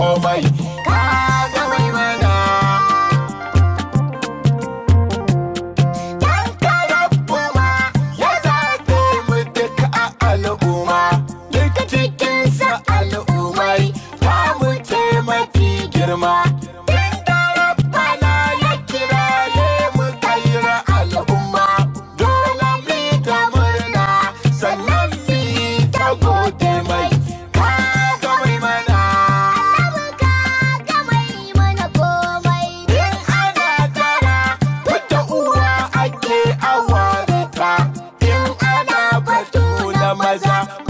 komai ka ga mai mana rabbuma ya zaɓe mu duka a al'umma duka cikinsa al'ummai ta mu ce mafi girma Sannan mi ta mai Gaza.